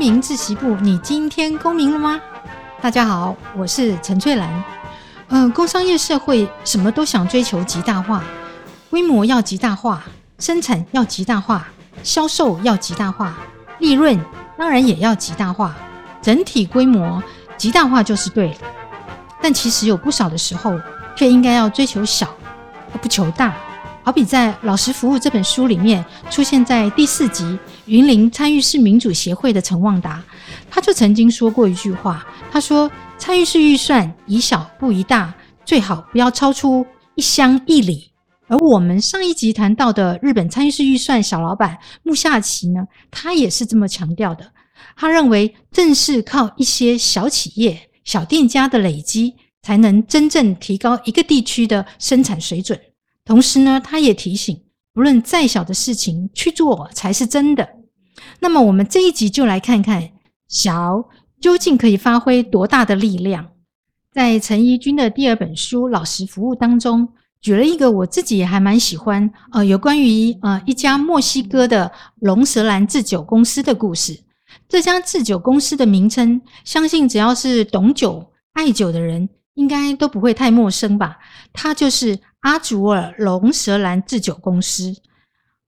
公民自習簿，你今天公民了嗎？大家好，我是陳翠蘭。嗯、呃，工商業社會，什麼都想追求極大化，規模要極大化，生產要極大化，銷售要極大化，利潤當然也要極大化，整體規模極大化就是對了。但其實有不少的時候，卻應該要追求小，而不求大。好比在《老實服務》這本書裡面，出現在第四集。雲林參與式民主協會的陳旺達，他就曾經說過一句話，他說：“參與式預算宜小不宜大，最好不要超出一鄉一里。”而我們上一集談到的日本參與式預算小老闆木下齊呢，他也是這麼強調的。他認為，正是靠一些小企業、小店家的累積，才能真正提高一個地區的生產水準。同時呢，他也提醒，不論再小的事情去做才是真的。那麼我們這一集就來看看小究竟可以發揮多大的力量。在陳怡君的第二本書《老實服務》當中，舉了一個我自己也還蠻喜歡，呃，有關於呃一家墨西哥的龍舌蘭製酒公司的故事。這家製酒公司的名稱，相信只要是懂酒、愛酒的人，應該都不會太陌生吧。它就是阿祖爾龍舌蘭製酒公司。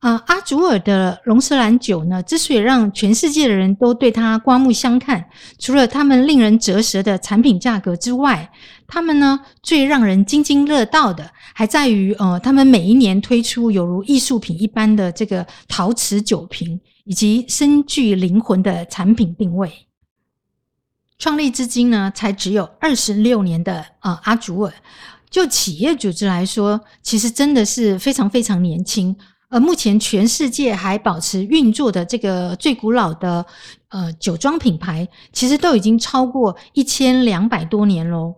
啊、呃，阿祖爾的龍舌蘭酒呢，之所以讓全世界的人都對它刮目相看，除了他們令人折舌的產品價格之外，他們呢最讓人津津樂道的，還在於呃，他們每一年推出有如藝術品一般的這個陶瓷酒瓶，以及深具靈魂的產品定位。創立至今呢，才只有二十六年的啊、呃，阿祖爾，就企業組織來說，其實真的是非常非常年輕。而目前全世界還保持運作的這個最古老的呃酒莊品牌，其實都已經超過一千兩百多年嘍。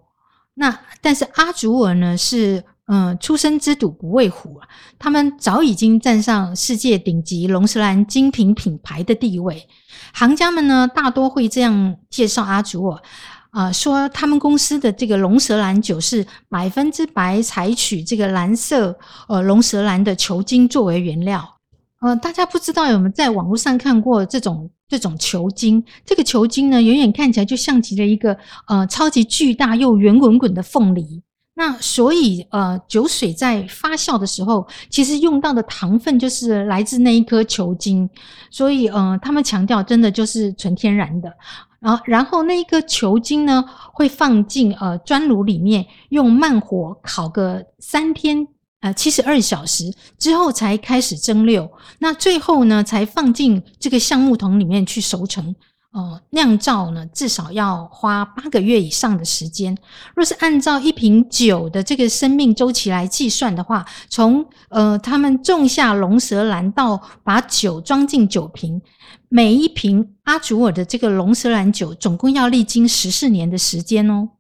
那但是阿祖爾呢，是呃初生之犢不畏虎啊，他們早已經站上世界頂級龍舌蘭精品品牌的地位。行家們呢，大多會這樣介紹阿祖爾。啊、呃，說他們公司的這個龍舌蘭酒是百分之百採取這個藍色呃龍舌蘭的球莖作為原料。呃，大家不知道有沒有在網絡上看過這種這種球莖？這個球莖呢，遠遠看起來就像極了一個呃超級巨大又圓滾滾的鳳梨。那所以，呃，酒水在發酵的時候，其實用到的糖分就是來自那一顆球莖，所以，呃，他們強調真的就是純天然的。然、啊、後，然後那一顆球莖呢，會放進呃磚爐裡面，用慢火烤個三天，呃，七十二小時之後，才開始蒸餾。那最後呢，才放進這個橡木桶裡面去熟成。哦、呃，釀造呢，至少要花八個月以上的時間。若是按照一瓶酒的這個生命週期來計算的話，從呃他們種下龍舌蘭到把酒裝進酒瓶，每一瓶阿祖爾的這個龍舌蘭酒總共要歷經十四年的時間哦。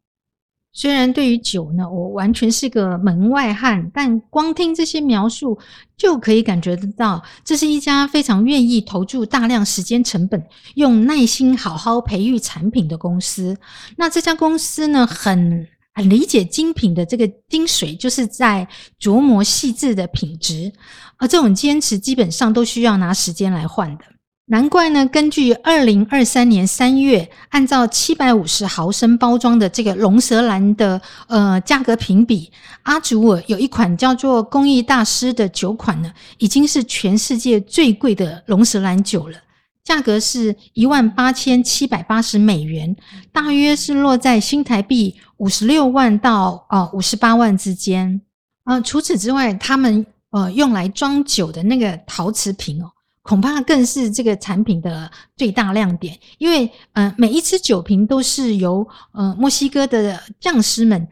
雖然對於酒呢，我完全是個門外漢，但光聽這些描述就可以感覺得到，這是一家非常願意投注大量時間成本，用耐心好好培育產品的公司。那這家公司呢，很很理解精品的這個精髓，就是在琢磨細緻的品質，而這種堅持基本上都需要拿時間來換的。難怪呢！根據二零二三年三月，按照七百五十毫升包裝的這個龍舌蘭的呃價格評比，阿祖爾有一款叫做工藝大師的酒款呢，已經是全世界最貴的龍舌蘭酒了，價格是一萬八千七百八十美元，大約是落在新台幣五十六萬到啊五十八萬之間。啊、呃，除此之外，他們呃用來裝酒的那個陶瓷瓶哦。恐怕更是這個產品的最大亮點，因為呃，每一隻酒瓶都是由呃墨西哥的匠師們，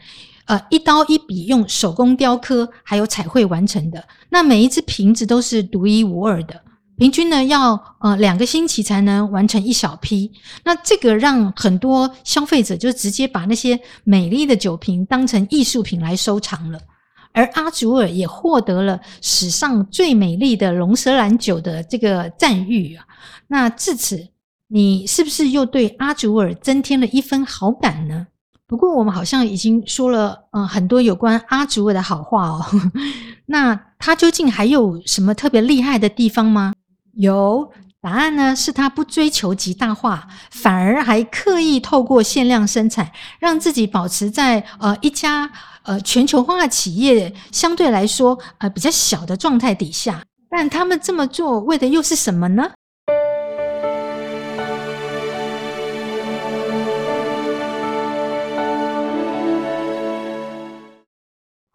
呃，一刀一筆用手工雕刻還有彩繪完成的。那每一隻瓶子都是獨一無二的，平均呢要呃兩個星期才能完成一小批。那這個讓很多消費者就直接把那些美麗的酒瓶當成藝術品來收藏了。而阿祖爾也獲得了史上最美麗的龍舌蘭酒的這個讚譽啊，那至此，你是不是又對阿祖爾增添了一分好感呢？不過我們好像已經說了嗯、呃、很多有關阿祖爾的好話哦。 那他究竟還有什麼特別厲害的地方嗎？有，答案呢，是他不追求極大化，反而還刻意透過限量生產，讓自己保持在呃一家。呃，全球化企業相對來說，呃，比較小的狀態底下，但他們這麼做為的又是什麼呢？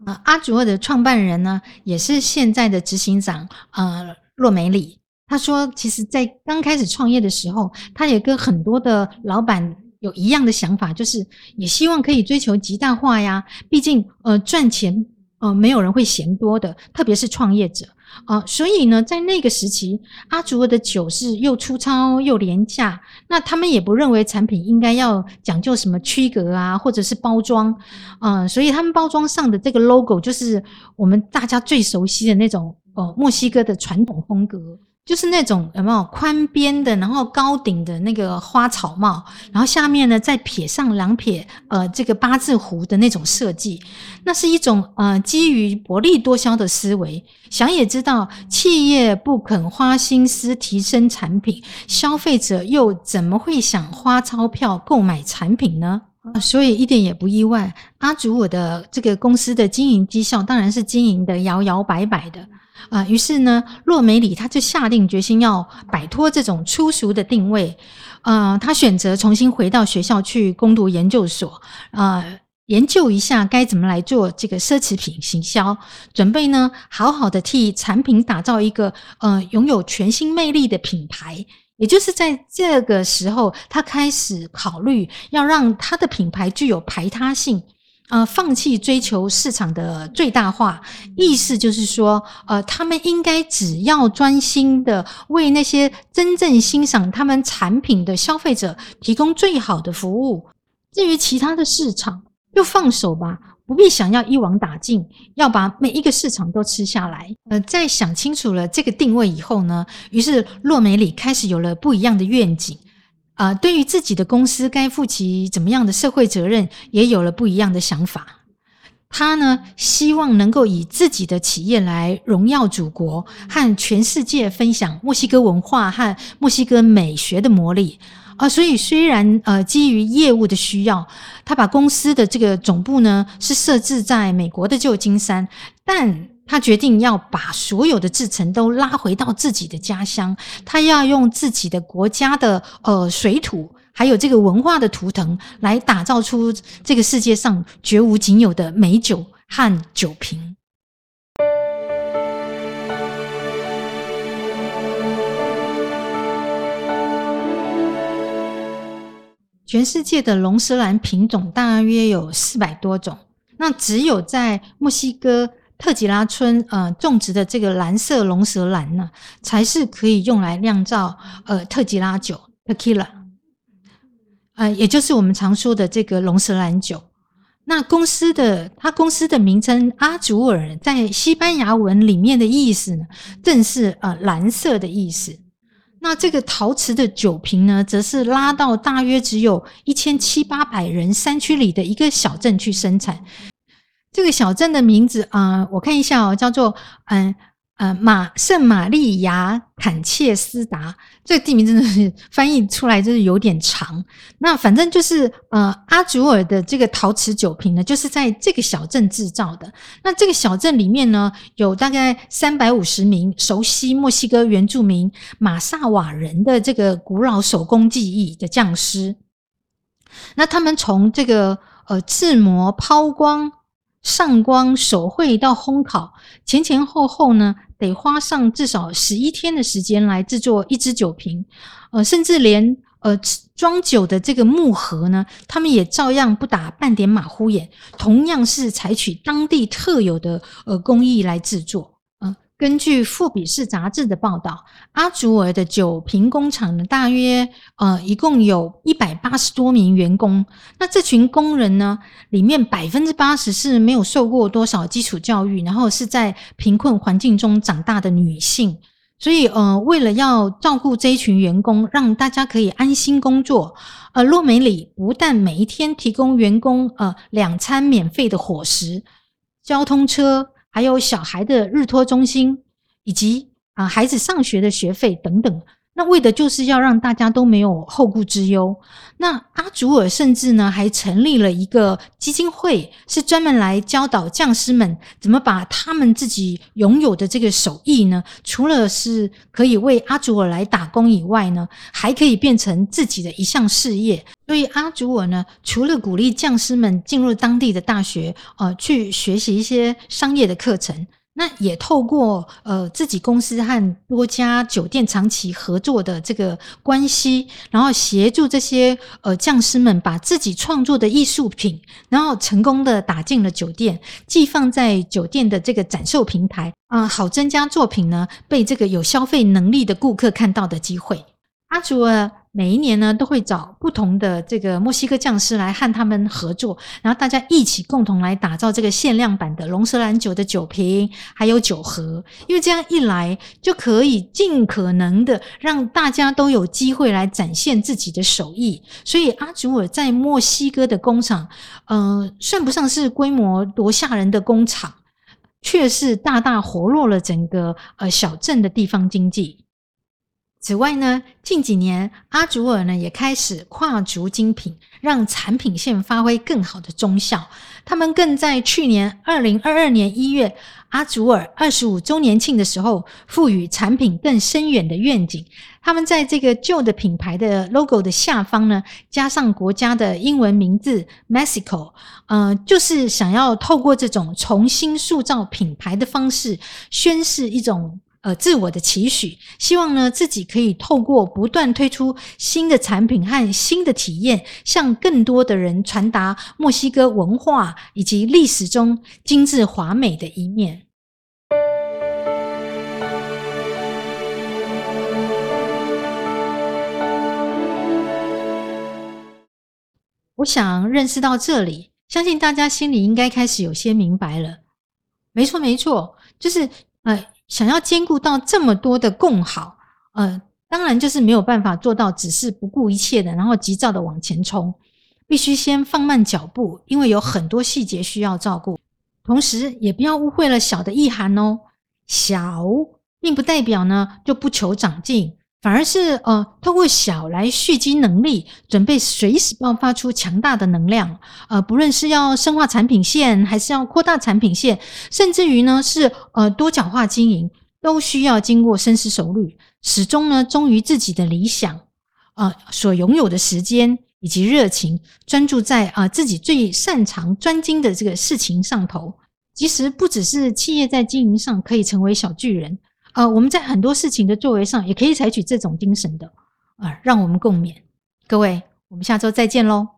呃，阿祖爾的創辦人呢，也是現在的執行長，呃，洛梅里，他說，其實，在剛開始創業的時候，他也跟很多的老闆。有一樣的想法，就是也希望可以追求極大化呀。畢竟，呃，賺錢，呃，沒有人會嫌多的，特別是創業者啊，呃，所以呢，在那個時期，阿祖爾的酒是又粗糙又廉價。那他們也不認為產品應該要講究什麼區隔啊，或者是包裝啊，呃，所以他們包裝上的這個 logo 就是我們大家最熟悉的那種，呃，墨西哥的傳統風格。就是那種有沒有寬邊的，然後高頂的那個花草帽，然後下面呢再撇上兩撇，呃，這個八字胡的那種設計，那是一種呃基於薄利多銷的思維。想也知道，企業不肯花心思提升產品，消費者又怎麼會想花鈔票購買產品呢？所以一點也不意外，阿祖爾的這個公司的經營績效當然是經營得搖搖擺擺的。啊、呃，於是呢，洛梅里他就下定決心要擺脫這種粗俗的定位。呃，他選擇重新回到學校去攻讀研究所，呃，研究一下該怎麼來做這個奢侈品行銷，準備呢好好的替產品打造一個呃擁有全新魅力的品牌。也就是在這個時候，他開始考慮要讓他的品牌具有排他性。呃，放棄追求市場的最大化，意思就是說，呃，他們應該只要專心的為那些真正欣賞他們產品的消費者提供最好的服務。至於其他的市場，就放手吧，不必想要一網打盡，要把每一個市場都吃下來。呃，在想清楚了這個定位以後呢，於是洛美里開始有了不一樣的願景。啊、呃，對於自己的公司，該負起怎麼樣的社會責任，也有了不一樣的想法。他呢，希望能夠以自己的企業來榮耀祖國，和全世界分享墨西哥文化和墨西哥美學的魔力啊、呃！所以，雖然呃，基於業務的需要，他把公司的這個總部呢，是設置在美國的舊金山，但。他決定要把所有的製程都拉回到自己的家鄉，他要用自己的國家的，呃，水土，還有這個文化的圖騰，來打造出這個世界上絕無僅有的美酒和酒瓶。全世界的龍舌蘭品種大約有四百多種，那只有在墨西哥，特吉拉村，呃，種植的這個藍色龍舌蘭呢，才是可以用來釀造呃特吉拉酒 （Tequila），呃，也就是我們常說的這個龍舌蘭酒。那公司的，它公司的名稱阿祖爾，在西班牙文裡面的意思呢，正是呃藍色的意思。那這個陶瓷的酒瓶呢，則是拉到大約只有一千七八百人山區裡的一個小鎮去生產。這個小鎮的名字啊、呃，我看一下哦，叫做嗯呃，呃馬聖瑪利亞坦切斯達。這個地名真的是翻譯出來就是有點長。那反正就是呃阿祖爾的這個陶瓷酒瓶呢，就是在這個小鎮制造的。那這個小鎮裡面呢，有大概三百五十名熟悉墨西哥原住民馬薩瓦人的這個古老手工技藝的匠師。那他們從這個呃制模、拋光。上光、手繪到烘烤，前前後後呢，得花上至少十一天的時間來製作一隻酒瓶，呃，甚至連呃裝酒的這個木盒呢，他們也照樣不打半點馬虎眼，同樣是採取當地特有的呃工藝來製作。根據《富比士》雜誌的報道，阿祖爾的酒瓶工廠呢，大約呃一共有一百八十多名員工。那這群工人呢，裡面百分之八十是沒有受過多少基礎教育，然後是在貧困環境中長大的女性。所以呃，為了要照顧這一群員工，讓大家可以安心工作，呃，洛梅里不但每一天提供員工呃兩餐免費的伙食、交通車。還有小孩的日托中心，以及啊孩子上學的學費等等。那為的就是要讓大家都沒有後顧之憂。那阿祖爾甚至呢，還成立了一個基金會，是專門來教導匠師們怎麼把他們自己擁有的這個手藝呢，除了是可以為阿祖爾來打工以外呢，還可以變成自己的一項事業。所以阿祖爾呢，除了鼓勵匠師們進入當地的大學，呃，去學習一些商業的課程。那也透過呃自己公司和多家酒店長期合作的這個關係，然後協助這些呃匠師們把自己創作的藝術品，然後成功的打進了酒店，寄放在酒店的這個展售平台啊、呃，好增加作品呢被這個有消費能力的顧客看到的機會。阿祖爾。每一年呢，都會找不同的這個墨西哥匠師來和他們合作，然後大家一起共同來打造這個限量版的龍舌蘭酒的酒瓶還有酒盒，因為這樣一來就可以儘可能的讓大家都有機會來展現自己的手藝。所以阿祖爾在墨西哥的工廠，嗯、呃，算不上是規模多嚇人的工廠，卻是大大活絡了整個呃小鎮的地方經濟。此外呢，近幾年阿祖爾呢也開始跨足精品，讓產品線發揮更好的綜效。他們更在去年二零二二年一月阿祖爾二十五周年慶的時候，賦予產品更深遠的願景。他們在這個舊的品牌的 logo 的下方呢，加上國家的英文名字 Mexico，嗯、呃，就是想要透過這種重新塑造品牌的方式，宣示一種。呃，自我的期許，希望呢自己可以透過不斷推出新的產品和新的體驗，向更多的人傳達墨西哥文化以及歷史中精緻華美的一面。 我想認識到這裡，相信大家心裡應該開始有些明白了。沒錯，沒錯，就是呃想要兼顧到這麼多的共好，呃，當然就是沒有辦法做到，只是不顧一切的，然後急躁的往前衝，必須先放慢腳步，因為有很多細節需要照顧，同時也不要誤會了小的意涵哦，小，並不代表呢就不求長進。反而是呃，透過小來蓄積能力，準備隨時爆發出強大的能量。呃，不論是要深化產品線，還是要擴大產品線，甚至於呢是呃多角化經營，都需要經過深思熟慮，始終呢忠於自己的理想啊、呃、所擁有的時間以及熱情，專注在啊、呃、自己最擅長專精的這個事情上頭。其實不只是企業在經營上可以成為小巨人。呃，我們在很多事情的作為上，也可以採取這種精神的，啊、呃，讓我們共勉。各位，我們下周再見嘍。